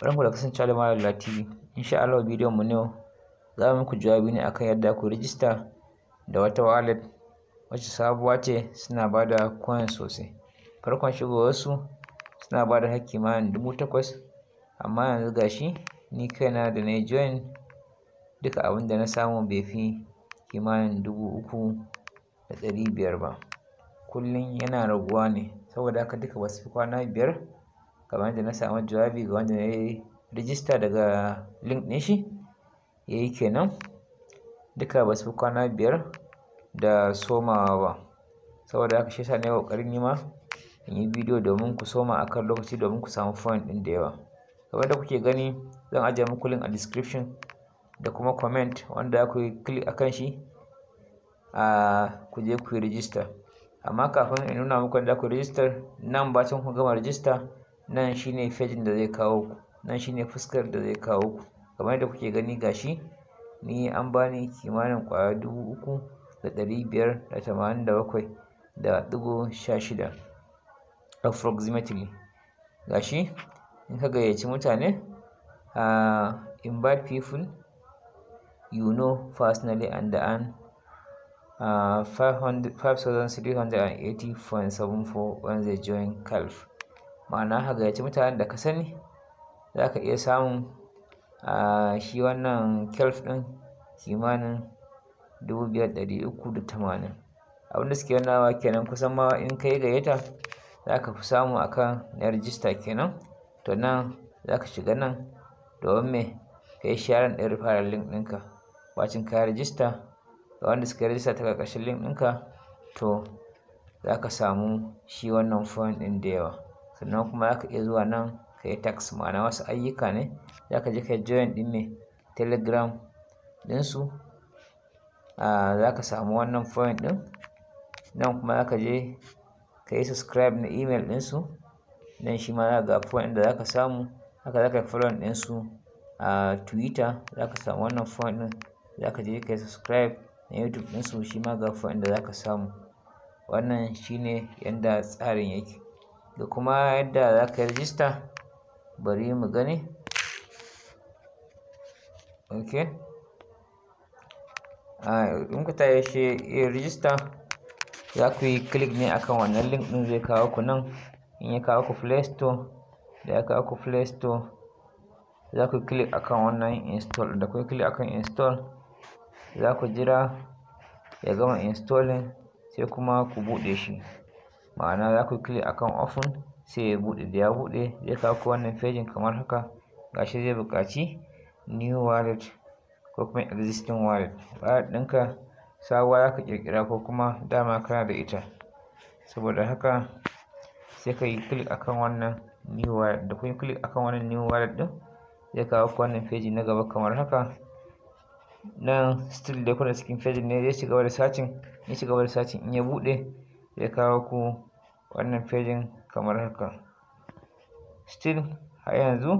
Faranku da kasancewa da Malam TV. Insha Allah bidiyon mu ne za mu muku jawabi ne akan yadda ku rijista da wata wallet wacce sabuwa ce suna bada da coin sosai. Farkon wasu suna bada da hakki ma dubu takwas amma yanzu gashi ni kaina da na join duka abin da na samu bai fi kimanin dubu uku da ɗari biyar ba. Kullum yana raguwa ne saboda haka duka wasu kwana biyar kamar yadda na samu jawabi ga wanda ya yi rijista daga link ɗin shi ya yi kenan duka ba su kwana biyar da somawa ba saboda aka shi sa ne yi ma nima in yi bidiyo domin ku soma a kan lokaci domin ku samu fon ɗin da yawa kamar da kuke gani zan ajiye muku link a description da kuma comment wanda ku yi click akan shi a ku je ku yi rijista amma kafin in nuna muku da ku rijistar nan bacin ku gama rijista nan shine fejin da zai kawo ku nan shine fuskar da zai kawo ku kamar yadda kuke gani gashi ni an bani kimanin kwaya dubu uku da ɗari biyar da tamanin da bakwai da ɗigo sha shida approximately gashi in ka gayyaci mutane uh, invite people you know personally and earn uh, 5,380.74 when they join CALF. ma'ana ka gayyaci mutanen da ka sani za ka iya samun a shi wannan kelf ɗin kimanin dubu biyar ɗari uku da tamanin abinda suke nawa kenan kusan ma in ka yi gayyata za ka fi samu akan na rijista kenan to nan za ka shiga nan domin me ka yi sharan ɗin rufara link ɗinka bacin ka rijista ga wanda suka rijista ta ƙarƙashin link ɗinka to za ka samu shi wannan fon ɗin da yawa sannan kuma za ka iya zuwa nan ka yi tax ma'ana wasu ayyuka ne za ka je ka join ɗin mai telegram ɗinsu za ka samu wannan point ɗin nan kuma za ka je ka yi subscribe na email ɗinsu nan shi ma za ga point da za ka samu haka za ka yi following ɗinsu a twitter za ka samu wannan point ɗin za ka je ka yi subscribe na youtube ɗinsu shi ma ga point da za ka samu wannan shine yanda tsarin yake da kuma yadda za ka yi rijista bari mu gani ok in ku ta yashe iya rijista za ku yi click ne akan wannan link ɗin zai kawo ku nan in ya kawo ku play store da ya kawo ku play store za ku click akan wannan install da ku click akan install za ku jira ya gama installing sai kuma ku buɗe shi ma'ana za ku click akan open sai ya buɗe da ya buɗe zai kawo wannan fejin kamar haka gashi zai buƙaci new wallet ko kuma existing wallet wallet ɗinka sabuwa za ka ƙirƙira ko kuma dama kana da ita saboda haka sai ka yi click akan wannan new wallet da kun yi click akan wannan new wallet ɗin zai kawo ku wannan feji na gaba kamar haka nan still dai kuna cikin fejin ne zai ci gaba da ci gaba da searching in ya buɗe zai kawo ku wannan fejin kamar haka still har yanzu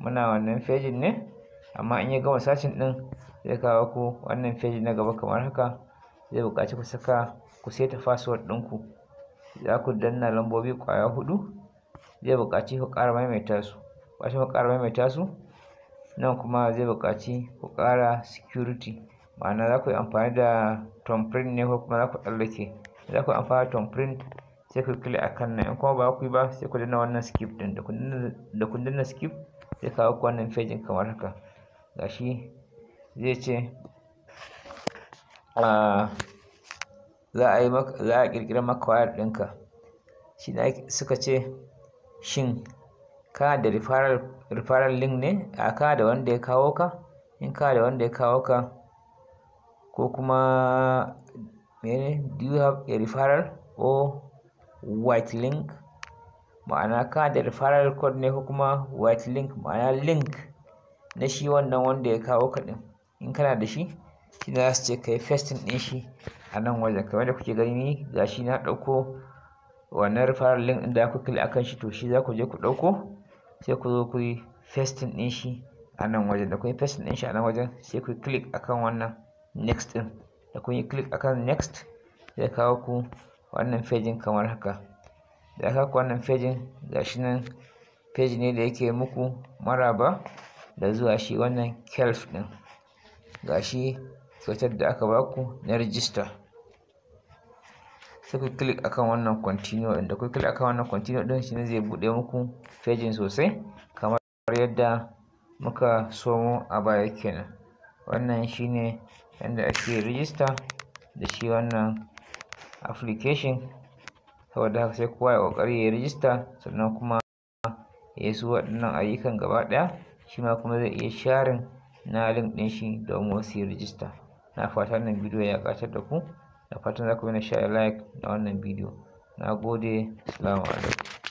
muna wannan fejin ne amma in ya gama sashin ɗin zai kawo ku wannan feji na gaba kamar haka zai buƙaci ku saka ku saita password ɗinku za ku danna lambobi ƙwaya huɗu zai buƙaci ku ƙara maimaita su bacin ku ƙara maimaita su nan kuma zai buƙaci ku ƙara security ma'ana za ku yi amfani da thumbprint ne ko kuma za ku tsallake za ku yi amfani da thumbprint sai ku click akan nan in kuma ba ku yi ba sai ku danna wannan skip din da ku danna skip sai kawo ku wannan page kamar haka gashi zai ce ah, za a yi maka za a kirkira maka wayar ɗinka shi na suka ce shin ka da referral referral link ne a ah, ka da wanda ya kawo ka in ka da wanda ya kawo ka ko kuma menene do you have a referral or white link ma'ana kanadar da referral code ne ko kuma white link ma'ana link na shi wannan wanda ya kawo ka in kana da shi shi za su ce kai festin ɗin shi a nan wajen kamar da kuke gani ga shi na ɗauko wannan referral link ɗin da ku kili akan shi to shi za ku je ku ɗauko sai ku zo ku yi festin ɗin shi a nan wajen da kun yi festin ɗin shi a nan wajen sai ku yi click akan wannan next ɗin da kun yi click akan next zai kawo ku wannan fejin kamar haka da aka wannan fejin gashi nan feji ne da yake muku maraba da zuwa shi wannan kelf ɗin gashi kyautar da aka baku na rijista sai ku click akan wannan continue ɗin da ku click akan wannan continue ɗin ne zai buɗe muku fejin sosai kamar yadda muka somo a baya kenan wannan shine yanda ake rijista da shi wannan application saboda haka sai kowa ya kokari ya rijista sannan kuma ya yi su waɗannan ayyukan gaba ɗaya shi ma kuma zai iya sharing na link ɗin shi domin wasu yi rijista na fata wannan bidiyo ya ƙatar da ku da fatan za ku yi na share like na wannan bidiyo na gode salamu alaikum